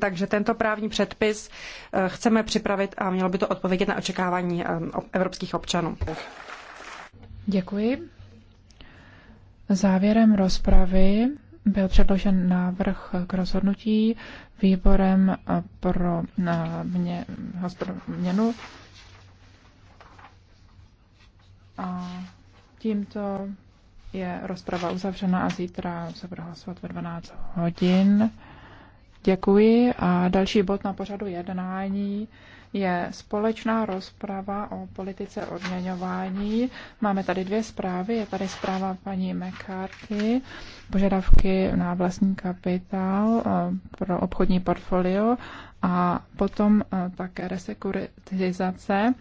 Takže tento právní předpis eh, chceme připravit a mělo by to odpovědět na očekávání eh, evropských občanů. Děkuji. Závěrem rozpravy byl předložen návrh k rozhodnutí výborem eh, pro mě, měnu. A tímto je rozprava uzavřena a zítra se bude hlasovat ve 12 hodin. Děkuji a další bod na pořadu jednání je společná rozprava o politice odměňování. Máme tady dvě zprávy. Je tady zpráva paní McCarthy, požadavky na vlastní kapitál eh, pro obchodní portfolio a potom eh, také resekuritizace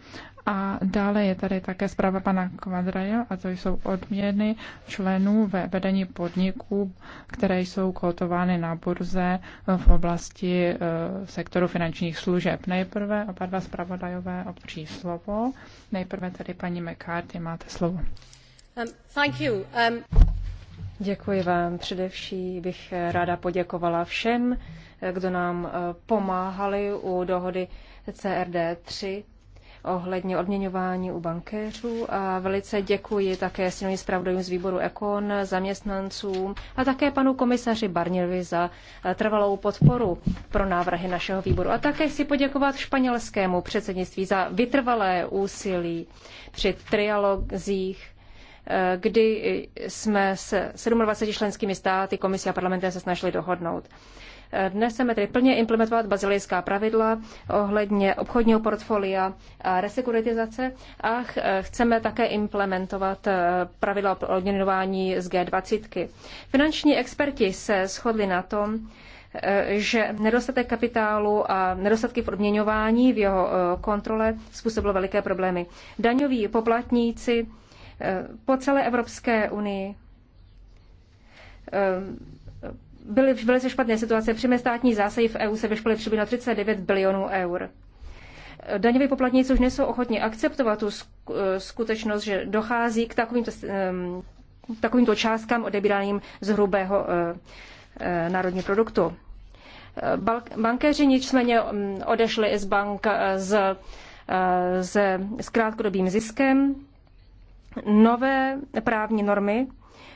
a dále je tady také zpráva pana Kvadraja, a to jsou odměny členů ve vedení podniků, které jsou kotovány na burze v oblasti e, sektoru finančních služeb. Nejprve oba dva zpravodajové obdrží slovo. Nejprve tady paní McCarthy, máte slovo. Um, thank you. Um... Děkuji vám. Především bych ráda poděkovala všem, kdo nám e, pomáhali u dohody CRD 3 ohledně odměňování u bankéřů a velice děkuji také silným zpravodajům z výboru Ekon, zaměstnancům a také panu komisaři Barnilvi za eh, trvalou podporu pro návrhy našeho výboru. A také chci poděkovat španělskému předsednictví za vytrvalé úsilí při trialogzích eh, kdy jsme se 27 členskými státy, komisí a parlamentem se snažili dohodnout. Dnes chceme tedy plně implementovat bazilejská pravidla ohledně obchodního portfolia a resekuritizace a chceme také implementovat eh, pravidla o odměňování z G20. Finanční experti se shodli na tom, eh, že nedostatek kapitálu a nedostatky v odměňování v jeho eh, kontrole způsobilo veliké problémy. Daňoví poplatníci po celé Evropské unii byly v velice špatné situace. Přímé státní zásahy v EU se vyšplily přibližně na 39 bilionů eur. Daňoví poplatníci už nejsou ochotni akceptovat tu skutečnost, že dochází k takovýmto, takovýmto částkám odebíraným z hrubého e, e, národního produktu. Bankéři nicméně odešli z bank e, z, z, s krátkodobým ziskem. Nové právní normy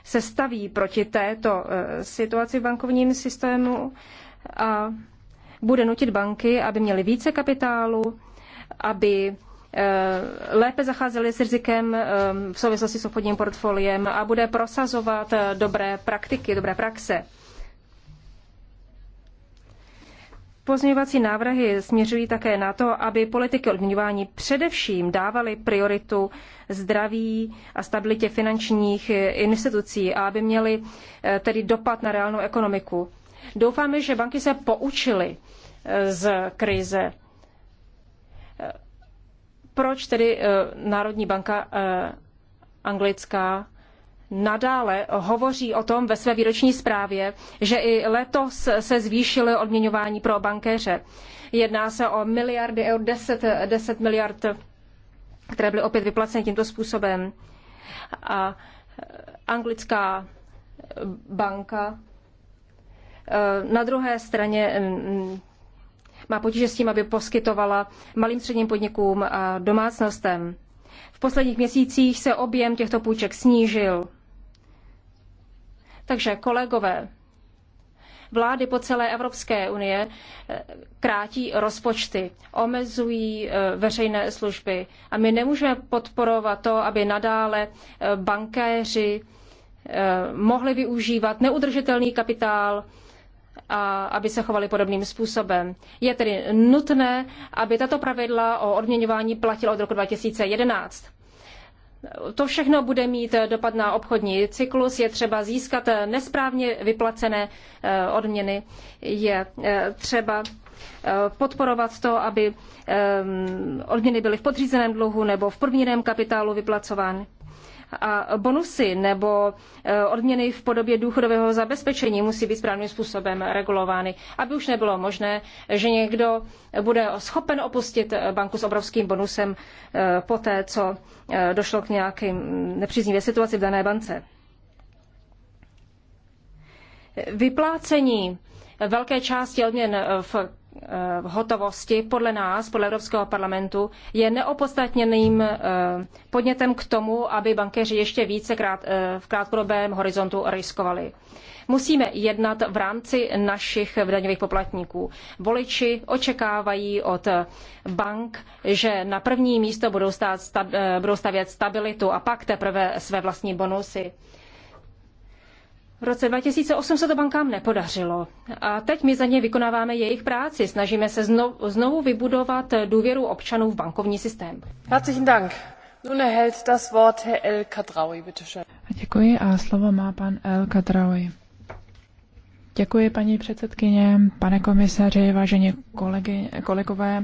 se staví proti této eh, situaci v bankovním systému a bude nutit banky, aby měly více kapitálu, aby eh, lépe zacházeli s rizikem eh, v souvislosti s obchodním portfoliem a bude prosazovat dobré praktiky, dobré praxe. Pozměňovací návrhy směřují také na to, aby politiky odměňování především dávaly prioritu zdraví a stabilitě finančních institucí a aby měly eh, tedy dopad na reálnou ekonomiku. Doufáme, že banky se poučily eh, z krize. Eh, proč tedy Národní banka anglická nadále hovoří o tom ve své výroční zprávě, že i letos se zvýšilo odměňování pro bankéře. Jedná se o miliardy eur, 10, 10 miliard, které byly opět vyplaceny tímto způsobem. A anglická banka eh, na druhé straně mm, má potíže s tím, aby poskytovala malým středním podnikům a domácnostem. V posledních měsících se objem těchto půjček snížil. Takže kolegové, vlády po celé Evropské unie eh, krátí rozpočty, omezují eh, veřejné služby a my nemůžeme podporovat to, aby nadále eh, bankéři mohli využívat neudržitelný kapitál a aby se chovali podobným způsobem. Je tedy nutné, aby tato pravidla o odměňování platila od roku 2011. To všechno bude mít eh, dopad na obchodní cyklus. Je třeba získat eh, nesprávně vyplacené eh, odměny. Je třeba podporovat to, aby odměny byly v podřízeném dluhu nebo v podmíněném kapitálu vyplacovány a bonusy nebo e, odměny v podobě důchodového zabezpečení musí být správným způsobem regulovány, aby už nebylo možné, že někdo bude schopen opustit banku s obrovským bonusem e, poté, co e, došlo k nějaké nepříznivé situaci v dané bance. Vyplácení velké části odměn v v hotovosti podle nás, podle Evropského parlamentu, je neopodstatněným eh, podnětem k tomu, aby bankéři ještě více krát, eh, v krátkodobém horizontu riskovali. Musíme jednat v rámci našich daňových poplatníků. Voliči očekávají od bank, že na první místo budou, stát, eh, budou stavět stabilitu a pak teprve své vlastní bonusy. V roce 2008 se to bankám nepodařilo. A teď my za ně vykonáváme jejich práci. Snažíme se znovu vybudovat důvěru občanů v bankovní systém. Herzlichen Dank. Nun erhält das Wort Herr El Kadraoui, bitte schön. Děkuji a slovo má pan El Kadraoui. Děkuji, paní předsedkyně, pane komisaři, vážení kolegy, kolegové.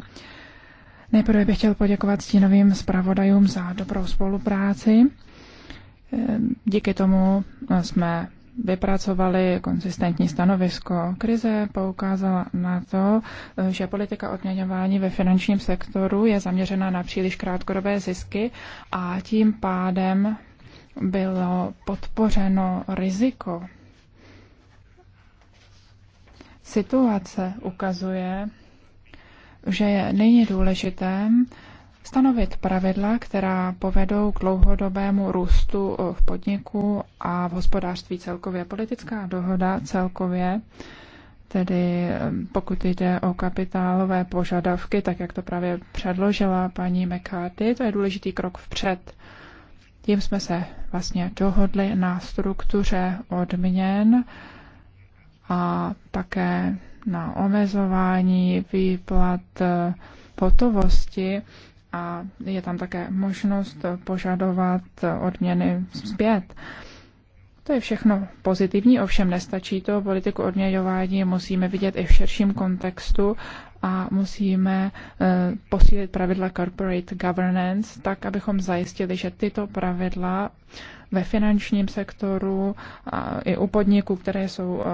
Nejprve bych chtěl poděkovat stínovým zpravodajům za dobrou spolupráci. Ehm, díky tomu eh, jsme vypracovali konsistentní stanovisko. Krize poukázala na to, že politika odměňování ve finančním sektoru je zaměřena na příliš krátkodobé zisky a tím pádem bylo podpořeno riziko. Situace ukazuje, že je nyní důležité, stanovit pravidla, která povedou k dlouhodobému růstu v podniku a v hospodářství celkově. Politická dohoda celkově, tedy pokud jde o kapitálové požadavky, tak jak to právě předložila paní McCarthy, to je důležitý krok vpřed. Tím jsme se vlastně dohodli na struktuře odměn a také na omezování výplat eh, hotovosti a je tam také možnost požadovat odměny zpět. To je všechno pozitivní, ovšem nestačí to. Politiku odměňování musíme vidět i v širším kontextu a musíme eh, posílit pravidla corporate governance tak, abychom zajistili, že tyto pravidla ve finančním sektoru a i u podniků, které jsou eh,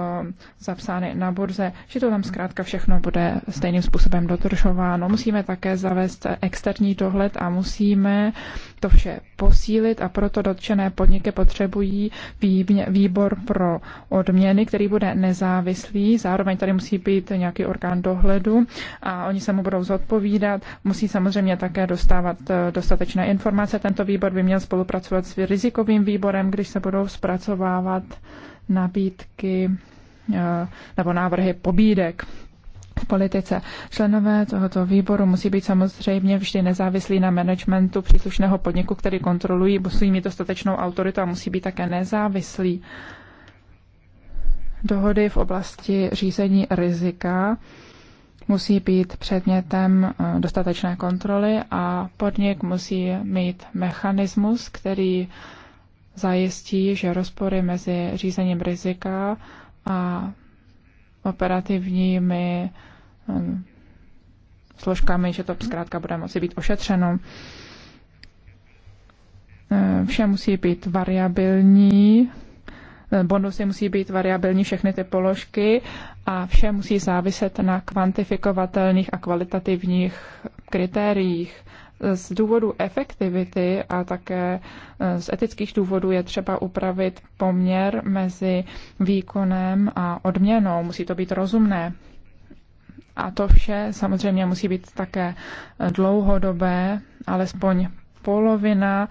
zapsány na burze, že to tam zkrátka všechno bude stejným způsobem dotržováno. Musíme také zavést externí dohled a musíme to vše posílit a proto dotčené podniky potřebují výbor pro odměny, který bude nezávislý. Zároveň tady musí být nějaký orgán dohledu a oni se mu budou zodpovídat. Musí samozřejmě také dostávat eh, dostatečné informace. Tento výbor by měl spolupracovat s rizikovým výborem, když se budou zpracovávat nabídky eh, nebo návrhy pobídek v politice. Členové tohoto výboru musí být samozřejmě vždy nezávislí na managementu příslušného podniku, který kontrolují, musí mít dostatečnou autoritu a musí být také nezávislí. Dohody v oblasti řízení rizika musí být předmětem eh, dostatečné kontroly a podnik musí mít mechanismus, který zajistí, že rozpory mezi řízením rizika a operativními eh, složkami, že to zkrátka bude moci být ošetřeno. Eh, vše musí být variabilní, Eh, bonusy musí být variabilní všechny ty položky a vše musí záviset na kvantifikovatelných a kvalitativních kritériích. Z důvodu efektivity a také eh, z etických důvodů je třeba upravit poměr mezi výkonem a odměnou. Musí to být rozumné. A to vše samozřejmě musí být také eh, dlouhodobé, alespoň polovina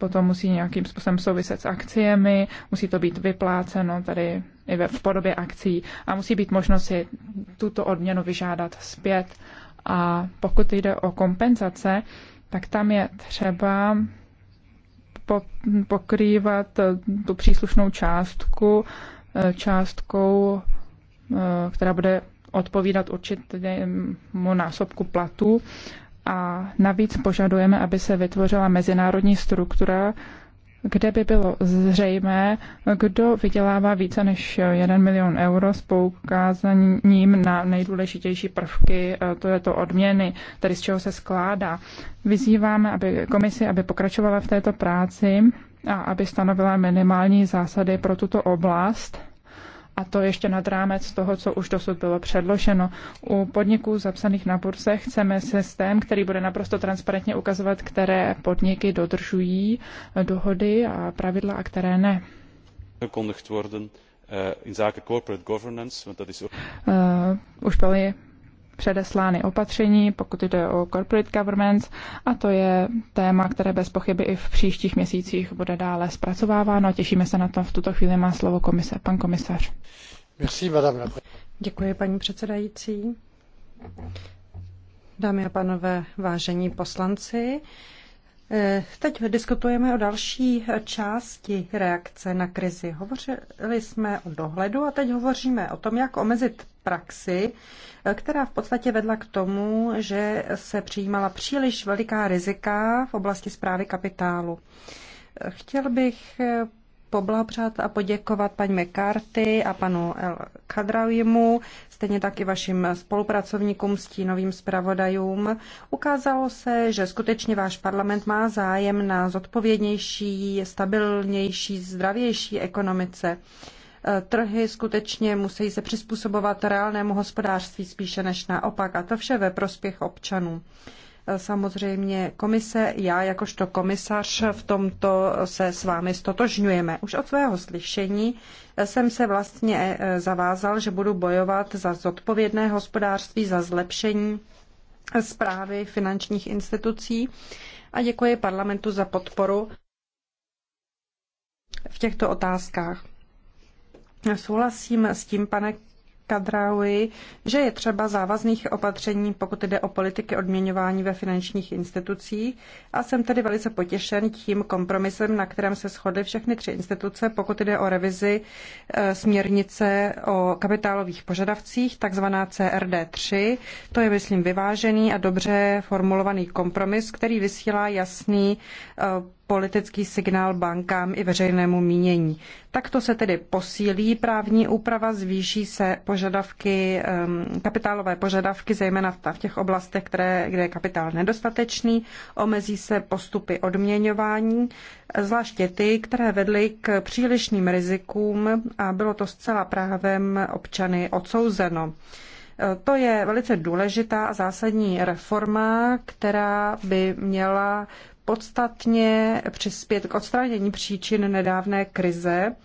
potom musí nějakým způsobem souviset s akciemi, musí to být vypláceno tady i v podobě akcí a musí být možnost si tuto odměnu vyžádat zpět. A pokud jde o kompenzace, tak tam je třeba pokrývat eh, tu příslušnou částku eh, částkou, eh, která bude odpovídat určitému mm, násobku platu a navíc požadujeme, aby se vytvořila mezinárodní struktura, kde by bylo zřejmé, kdo vydělává více než 1 milion euro s poukázaním na nejdůležitější prvky, e, to je to odměny, tedy z čeho se skládá. Vyzýváme aby komisi, aby pokračovala v této práci a aby stanovila minimální zásady pro tuto oblast a to ještě nad rámec toho, co už dosud bylo předloženo. U podniků zapsaných na burze chceme systém, který bude naprosto transparentně ukazovat, které podniky dodržují dohody a pravidla a které ne. Uh, už byly předeslány opatření, pokud jde o corporate governance, a to je téma, které bez pochyby i v příštích měsících bude dále zpracováváno. Těšíme se na to. V tuto chvíli má slovo komise. Pan komisař. Merci, madame Děkuji, paní předsedající. Dámy a pánové, vážení poslanci, eh, Teď diskutujeme o další části reakce na krizi. Hovořili jsme o dohledu a teď hovoříme o tom, jak omezit praxi, která v podstatě vedla k tomu, že se přijímala příliš veliká rizika v oblasti zprávy kapitálu. Chtěl bych poblahopřát a poděkovat paní McCarthy a panu El Kadrawimu, stejně tak i vašim spolupracovníkům, stínovým zpravodajům. Ukázalo se, že skutečně váš parlament má zájem na zodpovědnější, stabilnější, zdravější ekonomice. Eh, trhy skutečně musí se přizpůsobovat reálnému hospodářství spíše než naopak a to vše ve prospěch občanů eh, samozřejmě komise. Já jakožto komisař v tomto se s vámi stotožňujeme. Už od svého slyšení eh, jsem se vlastně zavázal, že budu bojovat za zodpovědné hospodářství, za zlepšení zprávy finančních institucí a děkuji parlamentu za podporu v těchto otázkách. Souhlasím s tím, pane Kadraui, že je třeba závazných opatření, pokud jde o politiky odměňování ve finančních institucích a jsem tedy velice potěšen tím kompromisem, na kterém se shodly všechny tři instituce, pokud jde o revizi eh, směrnice o kapitálových požadavcích, takzvaná CRD3. To je, myslím, vyvážený a dobře formulovaný kompromis, který vysílá jasný eh, politický signál bankám i veřejnému mínění. Takto se tedy posílí právní úprava, zvýší se požadavky, ehm, kapitálové požadavky, zejména v těch oblastech, které, kde je kapitál nedostatečný, omezí se postupy odměňování, zvláště ty, které vedly k přílišným rizikům a bylo to zcela právem občany odsouzeno. Eh, to je velice důležitá a zásadní reforma, která by měla podstatně přispět k odstranění příčin nedávné krize.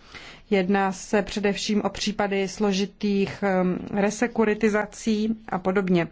Jedná se především o případy složitých um, resekuritizací a podobně.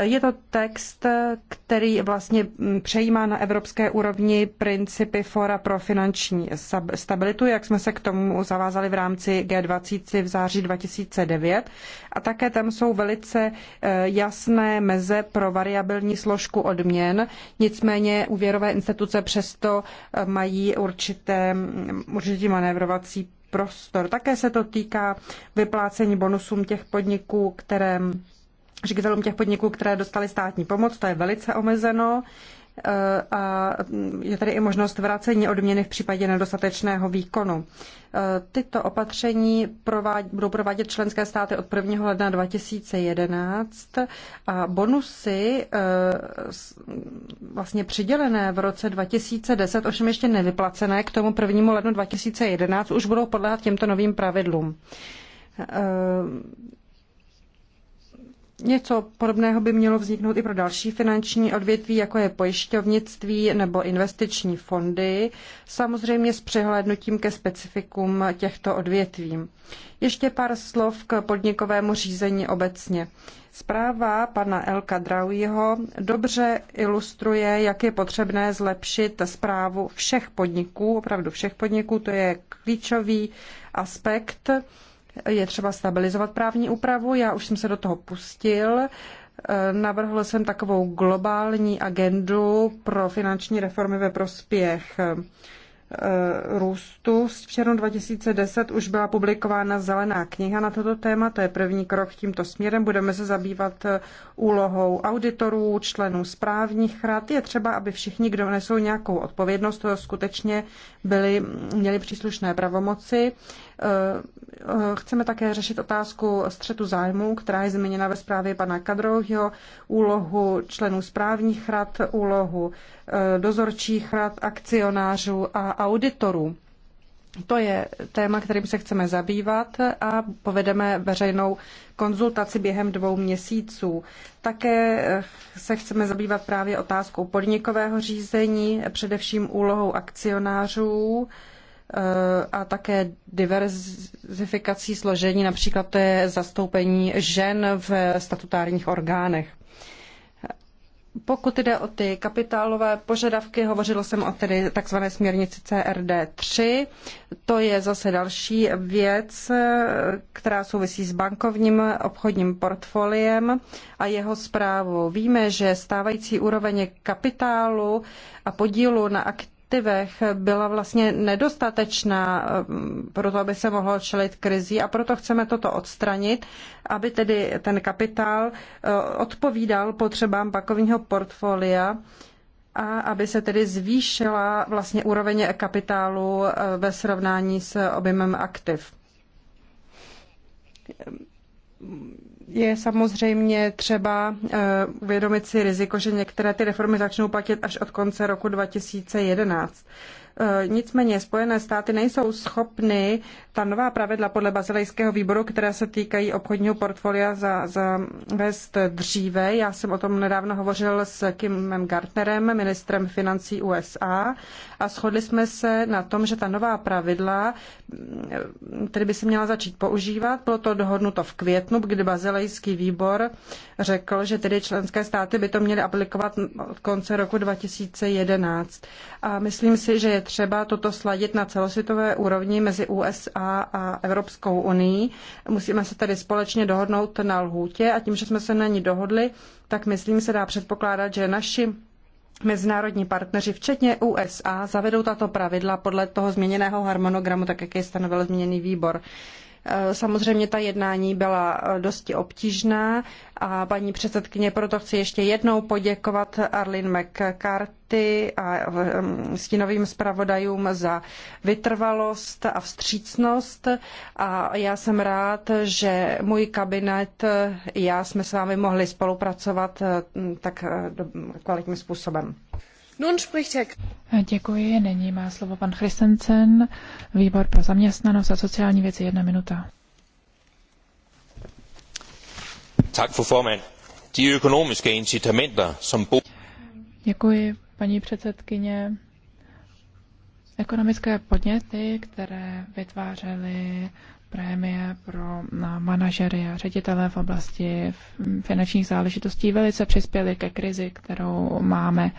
Je to text, který vlastně přejímá na evropské úrovni principy Fora pro finanční stabilitu, jak jsme se k tomu zavázali v rámci G20 v září 2009. A také tam jsou velice eh, jasné meze pro variabilní složku odměn. Nicméně úvěrové instituce přesto eh, mají určité, mm, určitý manévrovací prostor. Také se to týká vyplácení bonusům těch podniků, které ředitelům těch podniků, které dostaly státní pomoc, to je velice omezeno eh, a je tady i možnost vracení odměny v případě nedostatečného výkonu. Eh, tyto opatření provád, budou provádět členské státy od 1. ledna 2011 a bonusy eh, vlastně přidělené v roce 2010, ovšem ještě nevyplacené k tomu 1. lednu 2011, už budou podléhat těmto novým pravidlům Něco podobného by mělo vzniknout i pro další finanční odvětví, jako je pojišťovnictví nebo investiční fondy, samozřejmě s přehlédnutím ke specifikum těchto odvětví. Ještě pár slov k podnikovému řízení obecně. Zpráva pana Elka Drauiho dobře ilustruje, jak je potřebné zlepšit zprávu všech podniků, opravdu všech podniků, to je klíčový aspekt je třeba stabilizovat právní úpravu, já už jsem se do toho pustil. Eh, navrhl jsem takovou globální agendu pro finanční reformy ve prospěch eh, růstu. Z včera 2010 už byla publikována zelená kniha na toto téma, to je první krok tímto směrem. Budeme se zabývat eh, úlohou auditorů, členů správních rad. Je třeba, aby všichni, kdo nesou nějakou odpovědnost, to skutečně byli, měli příslušné pravomoci. Eh, eh, chceme také řešit otázku střetu zájmů, která je zmíněna ve zprávě pana Kadrohyho, úlohu členů správních rad, úlohu eh, dozorčích rad, akcionářů a auditorů. To je téma, kterým se chceme zabývat a povedeme veřejnou konzultaci během dvou měsíců. Také se chceme zabývat právě otázkou podnikového řízení, především úlohou akcionářů a také diverzifikací složení, například to je zastoupení žen v statutárních orgánech. Pokud jde o ty kapitálové požadavky, hovořila jsem o tedy takzvané směrnici CRD3. To je zase další věc, která souvisí s bankovním obchodním portfoliem a jeho zprávou. Víme, že stávající úroveň kapitálu a podílu na aktivitě kolektivech byla vlastně nedostatečná eh, pro to, aby se mohlo čelit krizi a proto chceme toto odstranit, aby tedy ten kapitál eh, odpovídal potřebám bankovního portfolia a aby se tedy zvýšila vlastně úroveň kapitálu eh, ve srovnání s objemem aktiv je samozřejmě třeba eh, uvědomit si riziko, že některé ty reformy začnou platit až od konce roku 2011. Eh, nicméně Spojené státy nejsou schopny ta nová pravidla podle Bazilejského výboru, která se týkají obchodního portfolia, zavést za dříve. Já jsem o tom nedávno hovořil s Kimem Gartnerem, ministrem financí USA, a shodli jsme se na tom, že ta nová pravidla, mm, tedy by se měla začít používat. Bylo to dohodnuto v květnu, kdy Bazilejský výbor řekl, že tedy členské státy by to měly aplikovat od konce roku 2011. A myslím si, že je třeba toto sladit na celosvětové úrovni mezi USA a Evropskou unii. Musíme se tedy společně dohodnout na lhůtě a tím, že jsme se na ní dohodli, tak myslím se dá předpokládat, že naši mezinárodní partneři, včetně USA, zavedou tato pravidla podle toho změněného harmonogramu, tak jak je stanovil změněný výbor. Eh, samozřejmě ta jednání byla eh, dosti obtížná a paní předsedkyně, proto chci ještě jednou poděkovat Arlene McCarthy a ehm, stínovým zpravodajům za vytrvalost a vstřícnost a já jsem rád, že můj kabinet i já jsme s vámi mohli spolupracovat eh, tak kvalitním způsobem. Děkuji, nyní má slovo pan Christensen, výbor pro zaměstnanost a sociální věci, jedna minuta. Tak, Děkuji, paní předsedkyně. Ekonomické podněty, které vytvářely prémie pro manažery a ředitele v oblasti finančních záležitostí, velice přispěly ke krizi, kterou máme.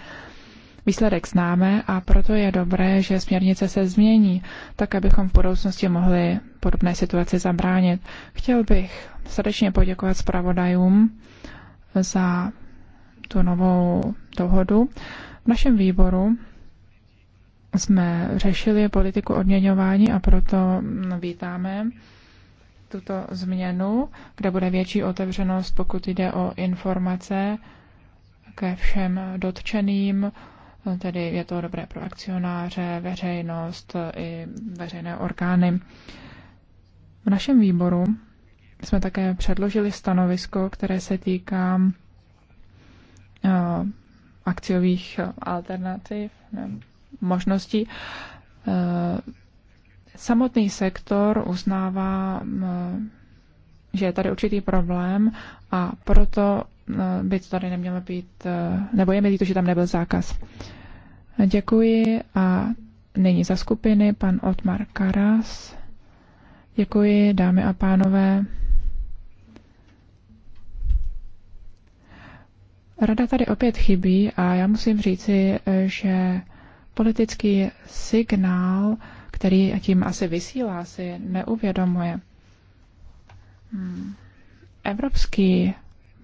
Výsledek známe a proto je dobré, že směrnice se změní, tak abychom v budoucnosti mohli podobné situaci zabránit. Chtěl bych srdečně poděkovat zpravodajům za tu novou dohodu. V našem výboru jsme řešili politiku odměňování a proto vítáme tuto změnu, kde bude větší otevřenost, pokud jde o informace ke všem dotčeným, tedy je to dobré pro akcionáře, veřejnost i veřejné orgány. V našem výboru jsme také předložili stanovisko, které se týká eh, akciových alternativ, ne, možností. Eh, samotný sektor uznává, eh, že je tady určitý problém a proto by to tady nemělo být, nebo je mi líto, že tam nebyl zákaz. Děkuji a nyní za skupiny pan Otmar Karas. Děkuji, dámy a pánové. Rada tady opět chybí a já musím říci, že politický signál, který tím asi vysílá, si neuvědomuje. Evropský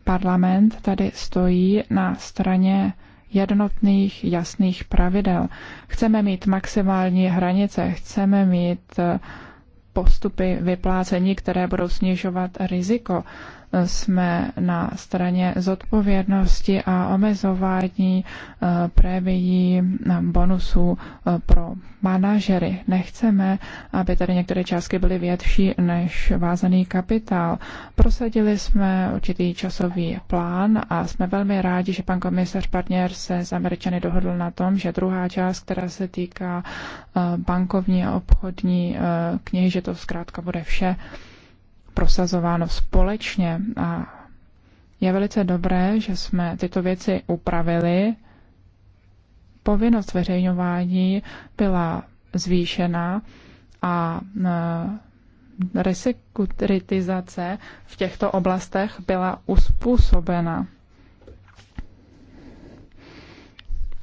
parlament tady stojí na straně jednotných, jasných pravidel. Chceme mít maximální hranice, chceme mít eh, postupy vyplácení, které budou snižovat riziko jsme na straně zodpovědnosti a omezování eh, prémií eh, bonusů eh, pro manažery. Nechceme, aby tady některé částky byly větší než vázaný kapitál. Prosadili jsme určitý časový plán a jsme velmi rádi, že pan komisař partner se s Američany dohodl na tom, že druhá část, která se týká bankovní a obchodní knihy, že to zkrátka bude vše prosazováno společně a je velice dobré, že jsme tyto věci upravili. Povinnost veřejňování byla zvýšena a e, resekuritizace v těchto oblastech byla uspůsobena.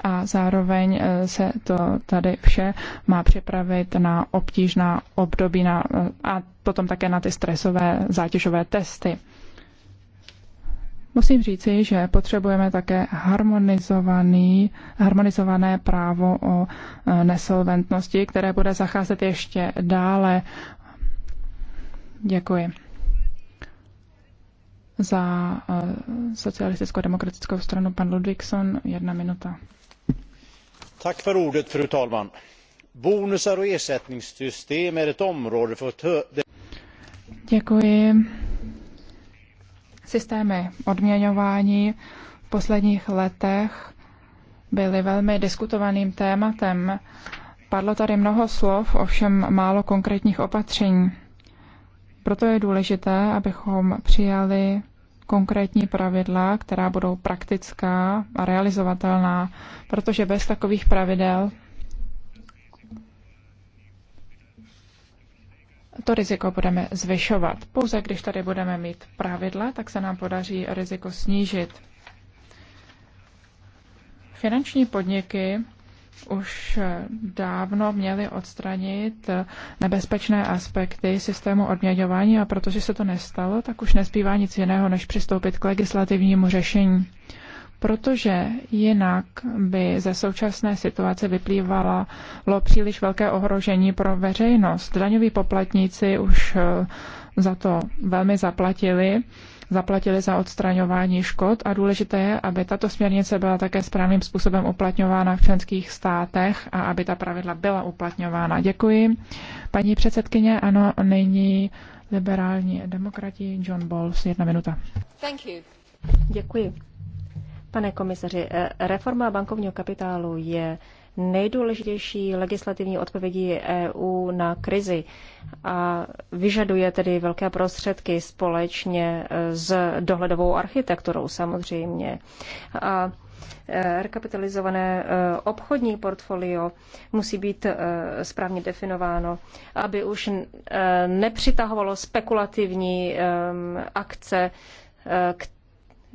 a zároveň eh, se to tady vše má připravit na obtížná období na, eh, a potom také na ty stresové zátěžové testy. Musím říci, že potřebujeme také harmonizovaný, harmonizované právo o eh, nesolventnosti, které bude zacházet ještě dále. Děkuji. Za socialistickou demokratickou stranu pan Ludvíkson jedna minuta fru talman! bonusar och ersättningssystem är ett område för. Systémy odměňování v posledních letech byly velmi diskutovaným tématem. Padlo tady mnoho slov, ovšem málo konkrétních opatření. Proto je důležité, abychom přijali konkrétní pravidla, která budou praktická a realizovatelná, protože bez takových pravidel to riziko budeme zvyšovat. Pouze když tady budeme mít pravidla, tak se nám podaří riziko snížit. Finanční podniky už eh, dávno měli odstranit eh, nebezpečné aspekty systému odměňování a protože se to nestalo, tak už nezbývá nic jiného, než přistoupit k legislativnímu řešení protože jinak by ze současné situace vyplývalo příliš velké ohrožení pro veřejnost. Daňoví poplatníci už eh, za to velmi zaplatili zaplatili za odstraňování škod a důležité je, aby tato směrnice byla také správným způsobem uplatňována v členských státech a aby ta pravidla byla uplatňována. Děkuji. Paní předsedkyně, ano, nyní liberální demokrati John Bowles, jedna minuta. Thank you. Děkuji. Pane komisaři, eh, reforma bankovního kapitálu je nejdůležitější legislativní odpovědí EU na krizi a vyžaduje tedy velké prostředky společně eh, s dohledovou architekturou samozřejmě. A eh, rekapitalizované obchodní portfolio musí být správně definováno, aby už nepřitahovalo spekulativní akce, které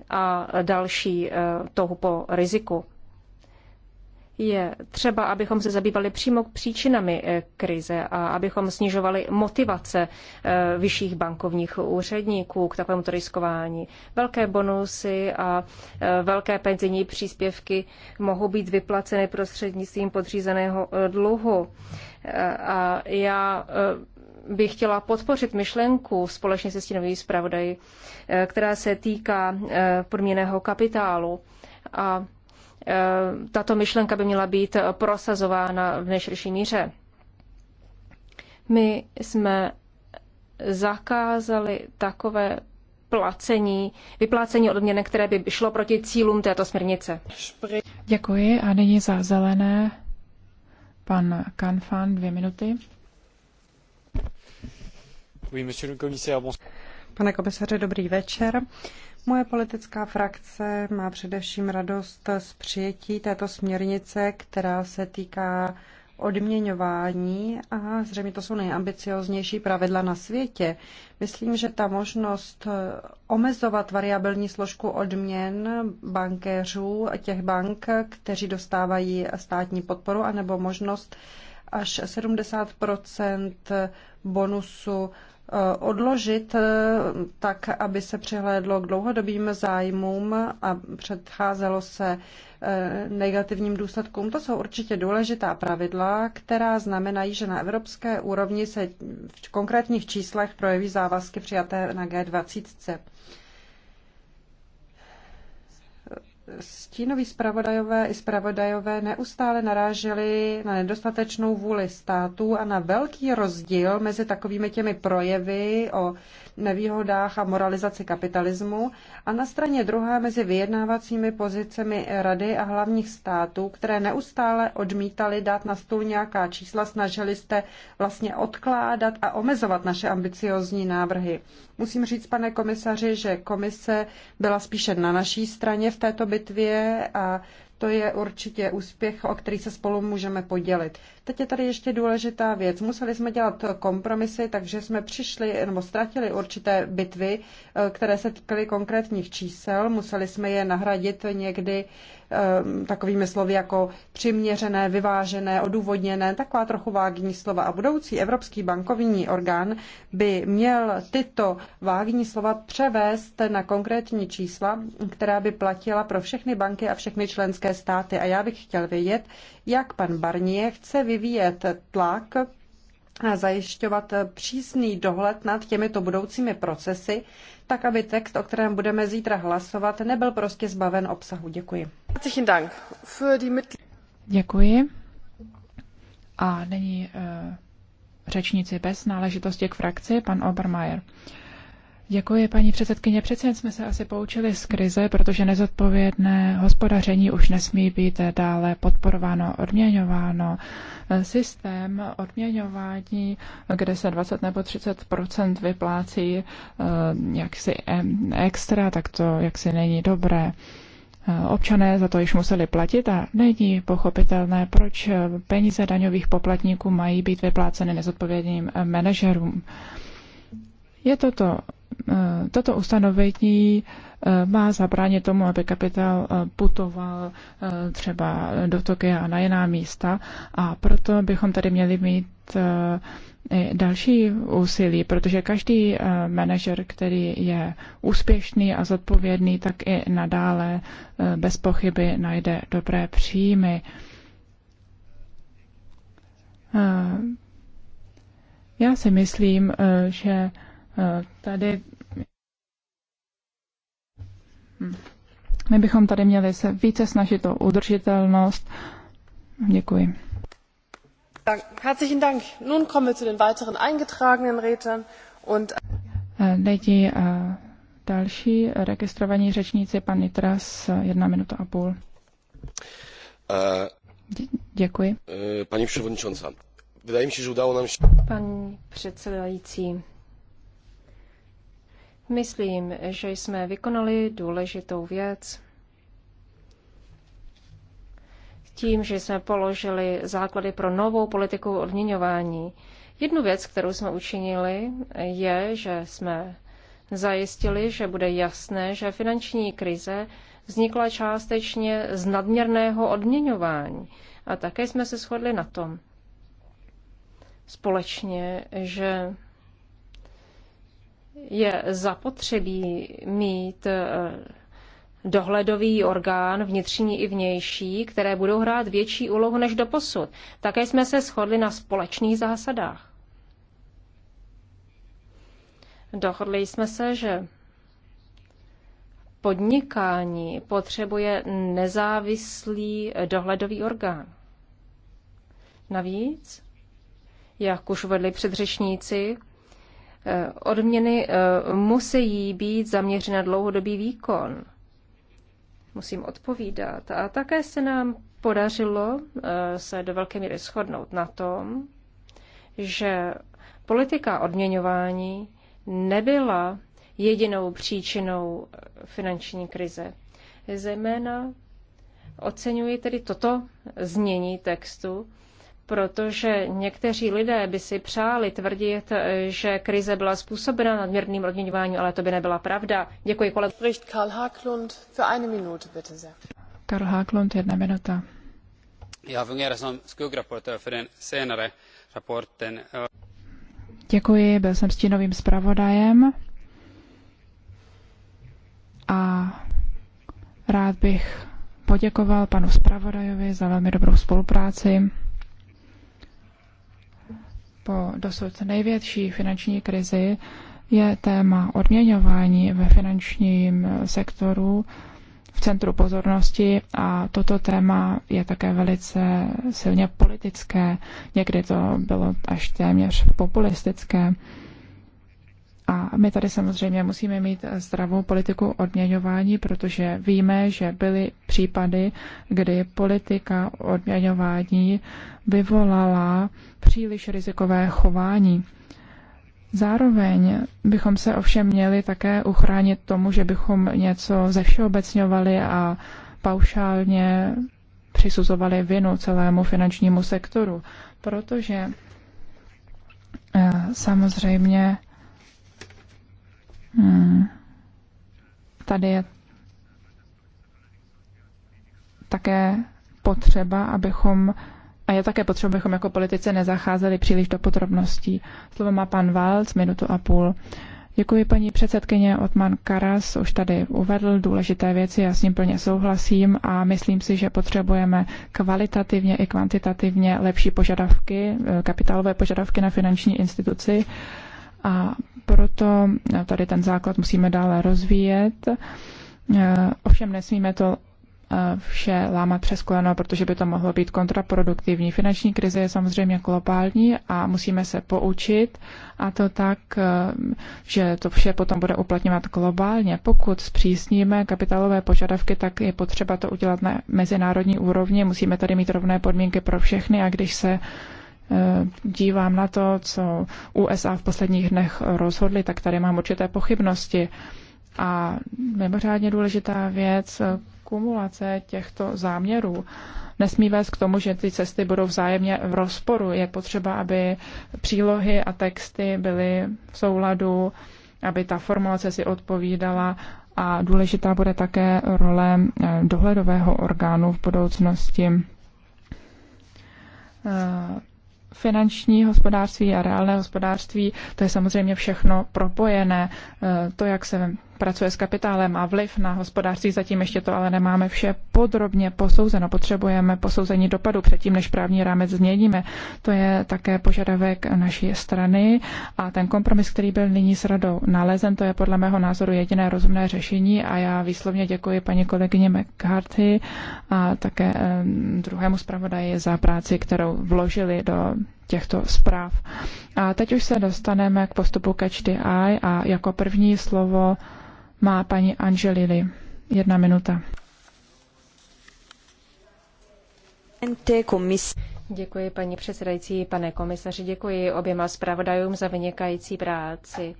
a další eh, touhu po riziku. Je třeba, abychom se zabývali přímo příčinami eh, krize a abychom snižovali motivace eh, vyšších bankovních úředníků k takovému riskování. Velké bonusy a velké penzijní příspěvky mohou být vyplaceny prostřednictvím podřízeného dluhu. A já bych chtěla podpořit myšlenku společně se stínovým zpravodají, eh, která se týká eh, podmíněného kapitálu. A eh, tato myšlenka by měla být prosazována v nejširší míře. My jsme zakázali takové placení, vyplácení odměny, které by šlo proti cílům této směrnice. Děkuji a nyní za zelené pan Kanfan dvě minuty. Pane komisaře, dobrý večer. Moje politická frakce má především radost z přijetí této směrnice, která se týká odměňování a zřejmě to jsou nejambicioznější pravidla na světě. Myslím, že ta možnost omezovat variabilní složku odměn bankéřů, těch bank, kteří dostávají státní podporu, anebo možnost až 70 bonusu Eh, odložit eh, tak, aby se přihlédlo k dlouhodobým zájmům a předcházelo se eh, negativním důsledkům. To jsou určitě důležitá pravidla, která znamenají, že na evropské úrovni se v konkrétních číslech projeví závazky přijaté na G20 stínoví zpravodajové i zpravodajové neustále naráželi na nedostatečnou vůli států a na velký rozdíl mezi takovými těmi projevy o nevýhodách a moralizaci kapitalismu a na straně druhé mezi vyjednávacími pozicemi rady a hlavních států, které neustále odmítali dát na stůl nějaká čísla, snažili jste vlastně odkládat a omezovat naše ambiciozní návrhy. Musím říct, pane komisaři, že komise byla spíše na naší straně v této bitvě a to je určitě úspěch, o který se spolu můžeme podělit. Teď je tady ještě důležitá věc. Museli jsme dělat kompromisy, takže jsme přišli nebo ztratili určité bitvy, eh, které se týkaly konkrétních čísel. Museli jsme je nahradit někdy Ehm, takovými slovy jako přiměřené, vyvážené, odůvodněné, taková trochu vágní slova. A budoucí Evropský bankovní orgán by měl tyto vágní slova převést na konkrétní čísla, která by platila pro všechny banky a všechny členské státy. A já bych chtěl vědět, jak pan Barnier chce vyvíjet tlak a zajišťovat přísný dohled nad těmito budoucími procesy, tak aby text, o kterém budeme zítra hlasovat, nebyl prostě zbaven obsahu. Děkuji. Děkuji. A není uh, eh, řečníci bez náležitosti k frakci, pan Obermeier. Děkuji, paní předsedkyně. Přece jsme se asi poučili z krize, protože nezodpovědné hospodaření už nesmí být dále podporováno, odměňováno. Systém odměňování, kde se 20 nebo 30 vyplácí eh, jaksi extra, tak to jaksi není dobré. Eh, občané za to již museli platit a není pochopitelné, proč eh, peníze daňových poplatníků mají být vypláceny nezodpovědným manažerům. Je toto Eh, toto ustanovení eh, má zabránit tomu, aby kapitál eh, putoval třeba do Tokia a na jiná místa a proto bychom tady měli mít další úsilí, protože každý manažer, který je úspěšný a zodpovědný, tak i nadále bez pochyby najde dobré příjmy. Já si myslím, že Tady my bychom tady měli se více snažit o udržitelnost. Děkuji. Herzlichen Dank. Nun kommen wir zu den weiteren eingetragenen Rednern und Lidi, eh, eh, další registrovaní řečníci, pan Nitras, eh, jedna minuta a půl. děkuji. Paní předsedající, Myslím, že jsme vykonali důležitou věc. Tím, že jsme položili základy pro novou politiku odměňování. Jednu věc, kterou jsme učinili, je, že jsme zajistili, že bude jasné, že finanční krize vznikla částečně z nadměrného odměňování. A také jsme se shodli na tom společně, že je zapotřebí mít eh, dohledový orgán, vnitřní i vnější, které budou hrát větší úlohu než doposud. Také jsme se shodli na společných zásadách. Dohodli jsme se, že podnikání potřebuje nezávislý eh, dohledový orgán. Navíc, jak už uvedli předřečníci, Eh, odměny eh, musí být zaměřeny na dlouhodobý výkon. Musím odpovídat. A také se nám podařilo eh, se do velké míry shodnout na tom, že politika odměňování nebyla jedinou příčinou finanční krize. Zejména oceňuji tedy toto znění textu, protože někteří lidé by si přáli tvrdit, že krize byla způsobena nadměrným odměňováním, ale to by nebyla pravda. Děkuji kolegu. Karl Haglund, Karl Haglund, jedna minuta. Já som skuggrapportör den senare Děkuji, byl jsem stínovým zpravodajem a rád bych poděkoval panu zpravodajovi za velmi dobrou spolupráci po dosud největší finanční krizi je téma odměňování ve finančním sektoru v centru pozornosti a toto téma je také velice silně politické. Někdy to bylo až téměř populistické. A my tady samozřejmě musíme mít zdravou politiku odměňování, protože víme, že byly případy, kdy politika odměňování vyvolala příliš rizikové chování. Zároveň bychom se ovšem měli také uchránit tomu, že bychom něco zevšeobecňovali a paušálně přisuzovali vinu celému finančnímu sektoru, protože eh, samozřejmě tady je také potřeba, abychom a je také potřeba, abychom jako politice nezacházeli příliš do podrobností. Slovo má pan Valc, minutu a půl. Děkuji paní předsedkyně Otman Karas, už tady uvedl důležité věci, já s ním plně souhlasím a myslím si, že potřebujeme kvalitativně i kvantitativně lepší požadavky, eh, kapitálové požadavky na finanční instituci a proto no, tady ten základ musíme dále rozvíjet. E, ovšem nesmíme to e, vše lámat přes koleno, protože by to mohlo být kontraproduktivní. Finanční krize je samozřejmě globální a musíme se poučit a to tak, e, že to vše potom bude uplatňovat globálně. Pokud zpřísníme kapitalové požadavky, tak je potřeba to udělat na mezinárodní úrovni. Musíme tady mít rovné podmínky pro všechny a když se Eh, dívám na to, co USA v posledních dnech rozhodly, tak tady mám určité pochybnosti. A mimořádně důležitá věc, kumulace těchto záměrů nesmí vést k tomu, že ty cesty budou vzájemně v rozporu. Je potřeba, aby přílohy a texty byly v souladu, aby ta formulace si odpovídala a důležitá bude také role eh, dohledového orgánu v budoucnosti eh, finanční hospodářství a reálné hospodářství, to je samozřejmě všechno propojené. Eh, to, jak se pracuje s kapitálem a vliv na hospodářství. Zatím ještě to ale nemáme vše podrobně posouzeno. Potřebujeme posouzení dopadu předtím, než právní rámec změníme. To je také požadavek naší strany a ten kompromis, který byl nyní s radou nalezen, to je podle mého názoru jediné rozumné řešení a já výslovně děkuji paní kolegyně McCarthy a také druhému zpravodaji za práci, kterou vložili do těchto zpráv. A teď už se dostaneme k postupu Catch the Eye a jako první slovo má paní Angelili. Jedna minuta. Děkuji paní předsedající, pane komisaři, děkuji oběma zpravodajům za vynikající práci.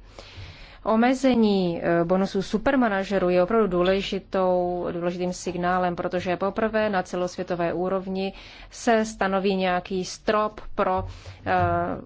Omezení eh, bonusů supermanažerů je opravdu důležitou, důležitým signálem, protože poprvé na celosvětové úrovni se stanoví nějaký strop pro eh,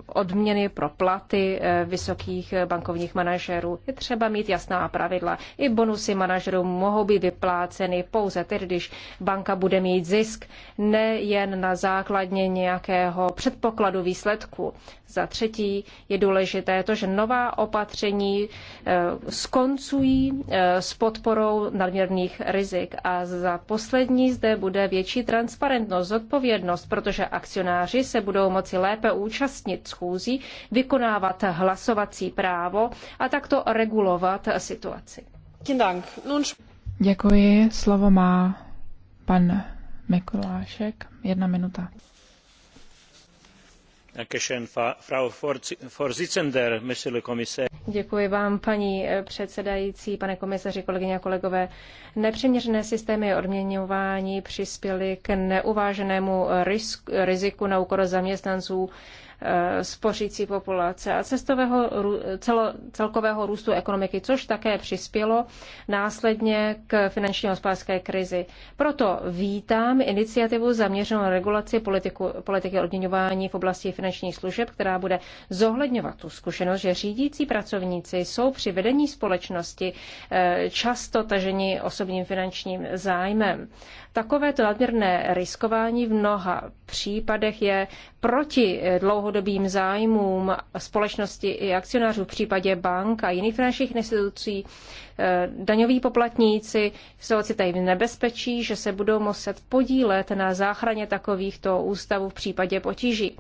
odměny, pro platy eh, vysokých bankovních manažerů. Je třeba mít jasná pravidla. I bonusy manažerů mohou být vypláceny pouze tedy, když banka bude mít zisk, nejen na základně nějakého předpokladu výsledku. Za třetí je důležité to, že nová opatření Eh, skoncují eh, s podporou nadměrných rizik. A za poslední zde bude větší transparentnost, zodpovědnost, protože akcionáři se budou moci lépe účastnit schůzí, vykonávat hlasovací právo a takto regulovat situaci. Děkuji. Slovo má pan Mikulášek. Jedna minuta. Děkuji vám, paní eh, předsedající, pane komisaři, kolegyně a kolegové. Nepřiměřené systémy odměňování přispěly k neuváženému riziku na úkor zaměstnanců Eh, spořící populace a cestového, celo, celkového růstu ekonomiky, což také přispělo následně k finanční hospodářské krizi. Proto vítám iniciativu zaměřenou na regulaci politiku, politiky odměňování v oblasti finančních služeb, která bude zohledňovat tu zkušenost, že řídící pracovníci jsou při vedení společnosti eh, často taženi osobním finančním zájmem. Takovéto nadměrné riskování v mnoha případech je proti eh, dlouhodobým zájmům společnosti i akcionářů v případě bank a jiných finančních institucí. Eh, daňoví poplatníci se ocitají v nebezpečí, že se budou muset podílet na záchraně takovýchto ústavů v případě potíží.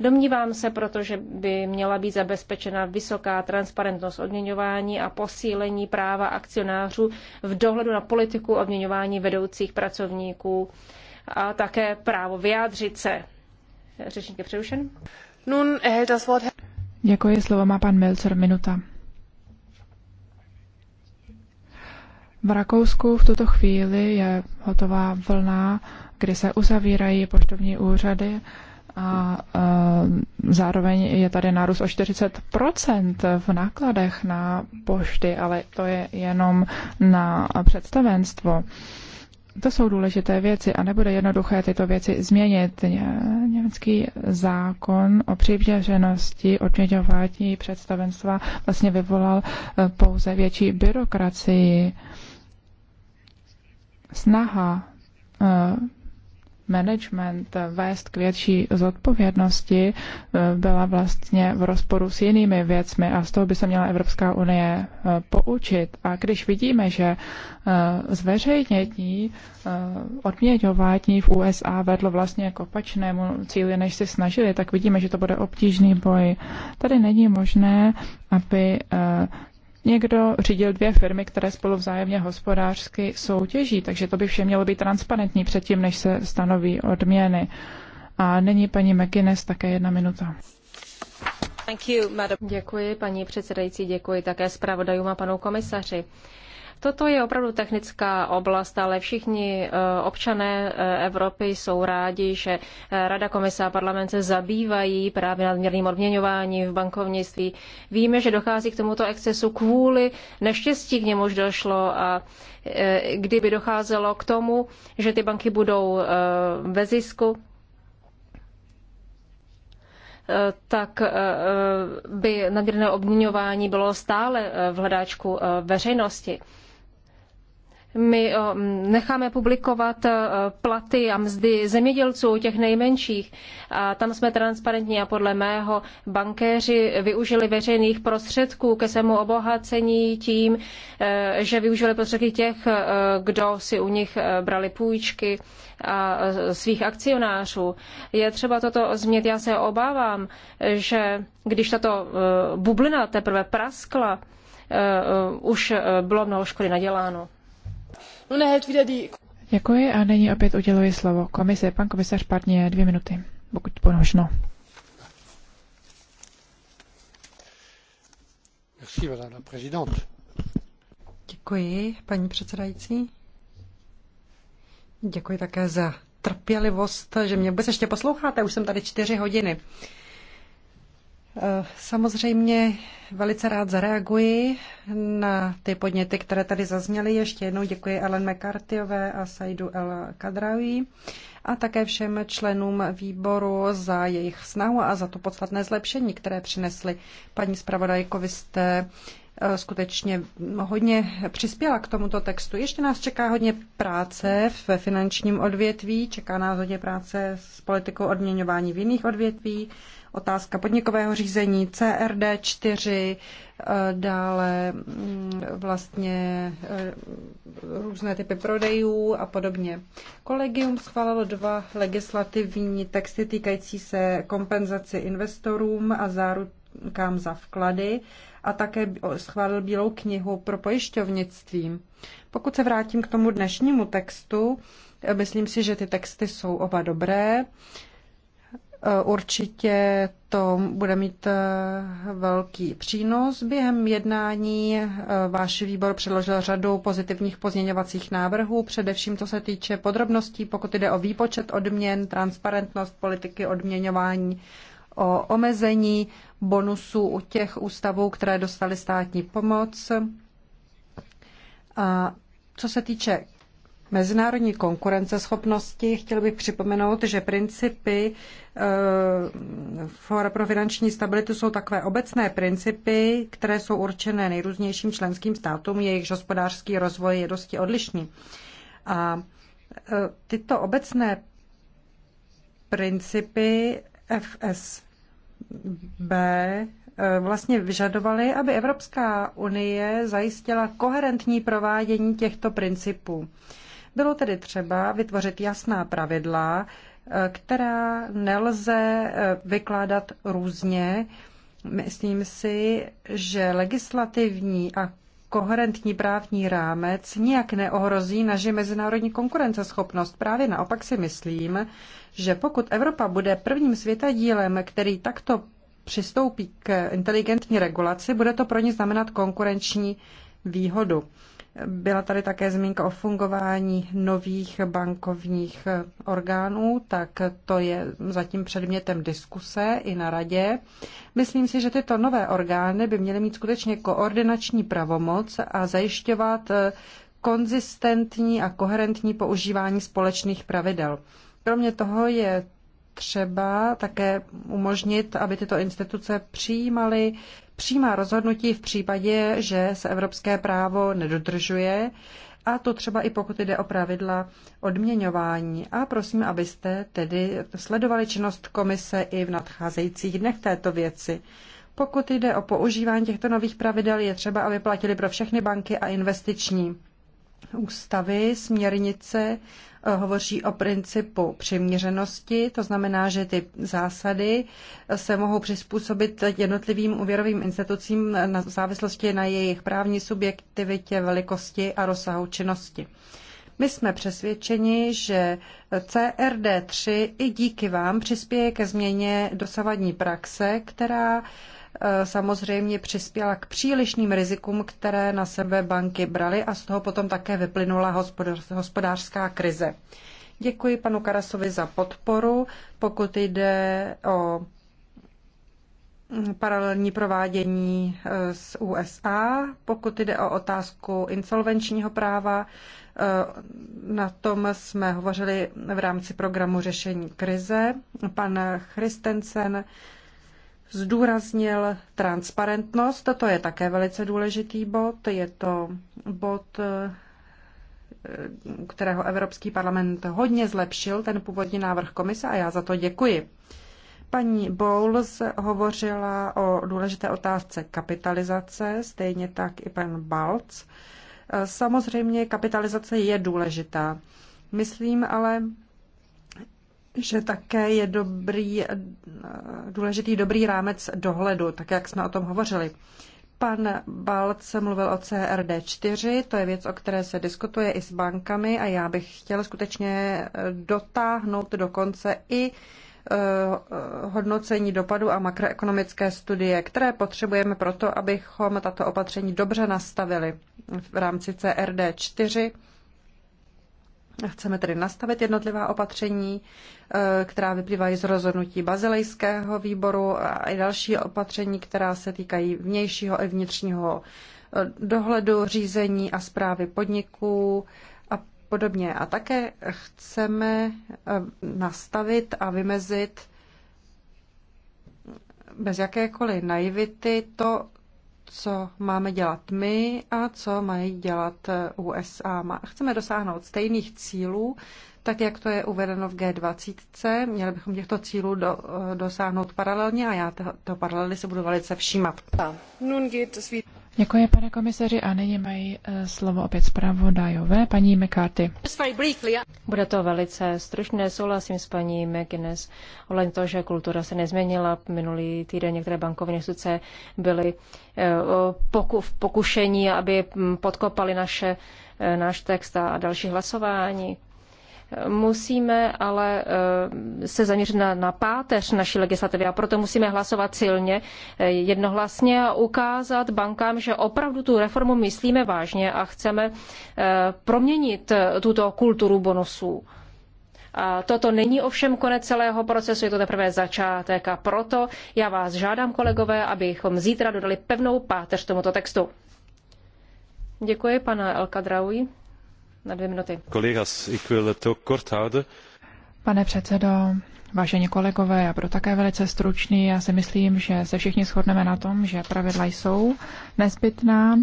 Domnívám se proto, že by měla být zabezpečena vysoká transparentnost odměňování a posílení práva akcionářů v dohledu na politiku odměňování vedoucích pracovníků a také právo vyjádřit se. Řečník je přerušen. Nun erhält das Wort. Děkuji, slovo má pan Melzer, minuta. V Rakousku v tuto chvíli je hotová vlna, kdy se uzavírají poštovní úřady a zároveň je tady nárůst o 40 v nákladech na pošty, ale to je jenom na představenstvo. To jsou důležité věci a nebude jednoduché tyto věci změnit. Německý zákon o přiměřenosti odměňování představenstva vlastně vyvolal e, pouze větší byrokracii. Snaha e, management vést k větší zodpovědnosti eh, byla vlastně v rozporu s jinými věcmi a z toho by se měla Evropská unie eh, poučit. A když vidíme, že eh, zveřejnění odměňování v USA vedlo vlastně k opačnému cíli, než si snažili, tak vidíme, že to bude obtížný boj. Tady není možné, aby někdo řídil dvě firmy, které spolu vzájemně hospodářsky soutěží, takže to by vše mělo být transparentní předtím, než se stanoví odměny. A nyní paní McInnes také jedna minuta. děkuji, paní předsedající, děkuji také zpravodajům a panu komisaři. Toto je opravdu technická oblast, ale všichni eh, občané eh, Evropy jsou rádi, že eh, Rada komise a parlament se zabývají právě nadměrným odměňováním v bankovnictví. Víme, že dochází k tomuto excesu kvůli neštěstí, k němuž došlo a kdyby docházelo k tomu, že ty banky budou ve zisku, tak by nadměrné obměňování bylo stále v hledáčku veřejnosti my eh, necháme publikovat eh, platy a mzdy zemědělců, těch nejmenších. A tam jsme transparentní a podle mého bankéři využili veřejných prostředků ke svému obohacení tím, eh, že využili prostředky těch, kdo si u nich brali půjčky a svých akcionářů. Je třeba toto změnit. Já se obávám, že když tato bublina teprve praskla, už bylo mnoho škody naděláno. Děkuji a nyní opět uděluji slovo komise. Pan komisař Partně, dvě minuty, pokud možno. Děkuji, paní předsedající. Děkuji také za trpělivost, že mě vůbec ještě posloucháte. Už jsem tady čtyři hodiny. Uh, Samozřejmě velice rád zareaguji na ty podněty, které tady zazněly. Ještě jednou děkuji Ellen McCarthyové a Saidu El Kadrawi a také všem členům výboru za jejich snahu a za to podstatné zlepšení, které přinesly. Paní zpravodajko, vy jste eh, skutečně hodně přispěla k tomuto textu. Ještě nás čeká hodně práce ve finančním odvětví, čeká nás hodně práce s politikou odměňování v jiných odvětví, otázka podnikového řízení, CRD4, eh, dále mm, vlastně eh, různé typy prodejů a podobně. Kolegium schválilo dva legislativní texty týkající se kompenzaci investorům a zárukám za vklady a také schválil Bílou knihu pro pojišťovnictví. Pokud se vrátím k tomu dnešnímu textu, eh, myslím si, že ty texty jsou oba dobré. Určitě to bude mít eh, velký přínos. Během jednání eh, váš výbor předložil řadu pozitivních pozměňovacích návrhů, především co se týče podrobností, pokud jde o výpočet odměn, transparentnost politiky odměňování, o omezení bonusů u těch ústavů, které dostaly státní pomoc. A co se týče mezinárodní konkurenceschopnosti chtěl bych připomenout, že principy eh, Fóra pro finanční stabilitu jsou takové obecné principy, které jsou určené nejrůznějším členským státům, jejichž hospodářský rozvoj je dosti odlišný. A eh, tyto obecné principy FSB eh, vlastně vyžadovaly, aby Evropská unie zajistila koherentní provádění těchto principů. Bylo tedy třeba vytvořit jasná pravidla, eh, která nelze eh, vykládat různě. Myslím si, že legislativní a koherentní právní rámec nijak neohrozí naši mezinárodní konkurenceschopnost. Právě naopak si myslím, že pokud Evropa bude prvním světadílem, který takto přistoupí k inteligentní regulaci, bude to pro ně znamenat konkurenční výhodu. Byla tady také zmínka o fungování nových bankovních orgánů, tak to je zatím předmětem diskuse i na radě. Myslím si, že tyto nové orgány by měly mít skutečně koordinační pravomoc a zajišťovat eh, konzistentní a koherentní používání společných pravidel. Kromě toho je třeba také umožnit, aby tyto instituce přijímaly přímá rozhodnutí v případě, že se evropské právo nedodržuje, a to třeba i pokud jde o pravidla odměňování. A prosím, abyste tedy sledovali činnost komise i v nadcházejících dnech této věci. Pokud jde o používání těchto nových pravidel, je třeba, aby platili pro všechny banky a investiční ústavy směrnice eh, hovoří o principu přiměřenosti, to znamená, že ty zásady eh, se mohou přizpůsobit jednotlivým úvěrovým institucím na závislosti na jejich právní subjektivitě, velikosti a rozsahu činnosti. My jsme přesvědčeni, že eh, CRD3 i díky vám přispěje ke změně dosavadní praxe, která Eh, samozřejmě přispěla k přílišným rizikům, které na sebe banky braly a z toho potom také vyplynula hospodářská krize. Děkuji panu Karasovi za podporu. Pokud jde o paralelní provádění eh, s USA. Pokud jde o otázku insolvenčního práva, eh, na tom jsme hovořili v rámci programu řešení krize. Pan Christensen zdůraznil transparentnost, to je také velice důležitý bod, je to bod, eh, kterého Evropský parlament hodně zlepšil, ten původní návrh komise a já za to děkuji. Paní Bowles hovořila o důležité otázce kapitalizace, stejně tak i pan Balc. Eh, samozřejmě kapitalizace je důležitá. Myslím ale, že také je dobrý, důležitý dobrý rámec dohledu, tak jak jsme o tom hovořili. Pan Balc mluvil o CRD4, to je věc, o které se diskutuje i s bankami a já bych chtěla skutečně dotáhnout do konce i eh, hodnocení dopadu a makroekonomické studie, které potřebujeme proto, abychom tato opatření dobře nastavili v rámci CRD4 Chceme tedy nastavit jednotlivá opatření, eh, která vyplývají z rozhodnutí bazilejského výboru a i další opatření, která se týkají vnějšího i vnitřního eh, dohledu, řízení a zprávy podniků a podobně. A také chceme eh, nastavit a vymezit bez jakékoliv naivity to, co máme dělat my a co mají dělat eh, USA. Chceme dosáhnout stejných cílů, tak jak to je uvedeno v G20. Měli bychom těchto cílů do, eh, dosáhnout paralelně a já to, to paralely se budu velice všímat. Děkuji, pane komisaři, a nyní mají eh, slovo opět zpravodajové, paní McCarthy. Bude to velice stručné, souhlasím s paní McGuinness. Ohledně toho, že kultura se nezměnila, minulý týden některé bankovní instituce byly eh, v pokušení, aby mm, podkopali naše, eh, náš text a další hlasování. Musíme ale eh, se zaměřit na, na páteř naší legislativy a proto musíme hlasovat silně, eh, jednohlasně a ukázat bankám, že opravdu tu reformu myslíme vážně a chceme eh, proměnit tuto kulturu bonusů. A toto není ovšem konec celého procesu, je to teprve začátek a proto já vás žádám, kolegové, abychom zítra dodali pevnou páteř tomuto textu. Děkuji, pana Elkadraui na dvě minuty. Kolegas, ik wil to kort houden. Pane předsedo, Vážení kolegové, já budu také velice stručný. Já si myslím, že se všichni shodneme na tom, že pravidla jsou nezbytná,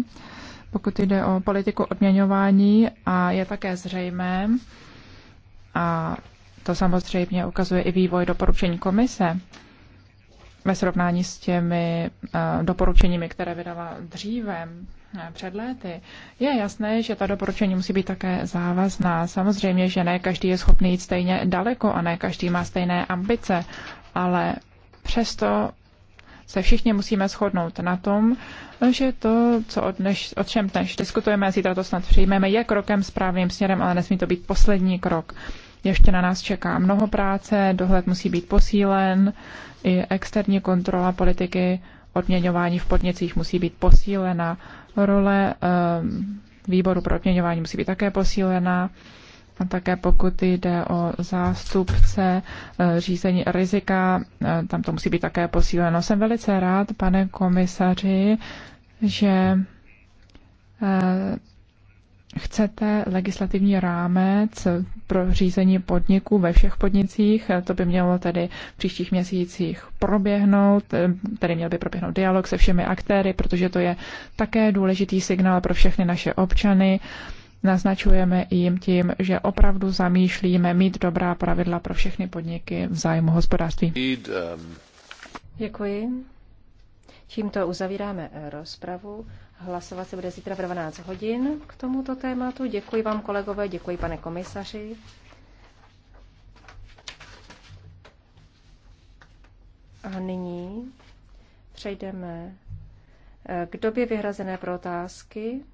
pokud jde o politiku odměňování a je také zřejmé, a to samozřejmě ukazuje i vývoj doporučení komise ve srovnání s těmi eh, doporučeními, které vydala dříve Eh, před léty, je jasné, že ta doporučení musí být také závazná. Samozřejmě, že ne každý je schopný jít stejně daleko a ne každý má stejné ambice, ale přesto se všichni musíme shodnout na tom, že to, co od dneš, o čem dnes diskutujeme, zítra to snad přijmeme, je krokem správným směrem, ale nesmí to být poslední krok. Ještě na nás čeká mnoho práce, dohled musí být posílen, i externí kontrola politiky odměňování v podnicích musí být posílena Role ehm, výboru pro odměňování musí být také posílená. A také pokud jde o zástupce eh, řízení rizika, eh, tam to musí být také posíleno. Jsem velice rád, pane komisaři, že eh, chcete legislativní rámec pro řízení podniků ve všech podnicích. To by mělo tedy v příštích měsících proběhnout, tedy měl by proběhnout dialog se všemi aktéry, protože to je také důležitý signál pro všechny naše občany. Naznačujeme jim tím, že opravdu zamýšlíme mít dobrá pravidla pro všechny podniky v zájmu hospodářství. Um, Děkuji. Tímto uzavíráme rozpravu. Hlasovat se bude zítra v 12 hodin k tomuto tématu. Děkuji vám, kolegové, děkuji, pane komisaři. A nyní přejdeme eh, k době vyhrazené pro otázky.